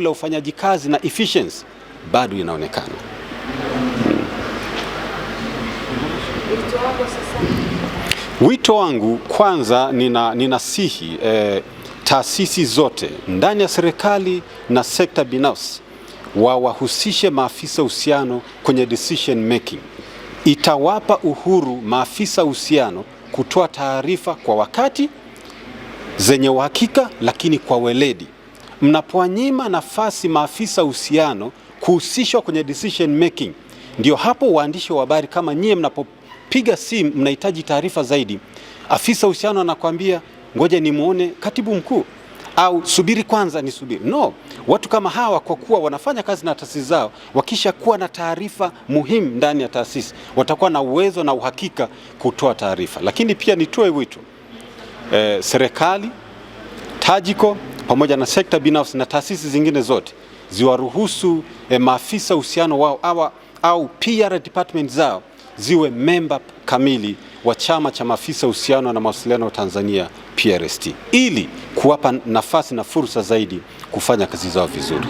huku la ufanyaji kazi na efficiency bado inaonekana. Wito wangu kwanza, nina ninasihi eh, taasisi zote ndani ya serikali na sekta binafsi wawahusishe maafisa uhusiano kwenye decision making. Itawapa uhuru maafisa uhusiano kutoa taarifa kwa wakati zenye uhakika, lakini kwa weledi mnapowanyima nafasi maafisa uhusiano kuhusishwa kwenye decision making, ndio hapo waandishi wa habari kama nyie mnapopiga simu mnahitaji taarifa zaidi, afisa uhusiano anakwambia ngoja nimwone katibu mkuu au subiri kwanza ni subiri No, watu kama hawa kwa kuwa wanafanya kazi na taasisi zao, wakisha kuwa na taarifa muhimu ndani ya taasisi watakuwa na uwezo na uhakika kutoa taarifa. Lakini pia nitoe wito eh, serikali, tajiko pamoja na sekta binafsi na taasisi zingine zote ziwaruhusu e, maafisa uhusiano wao awa, au PR department zao ziwe memba kamili wa chama cha maafisa uhusiano na mawasiliano Tanzania PRST ili kuwapa nafasi na fursa zaidi kufanya kazi zao vizuri.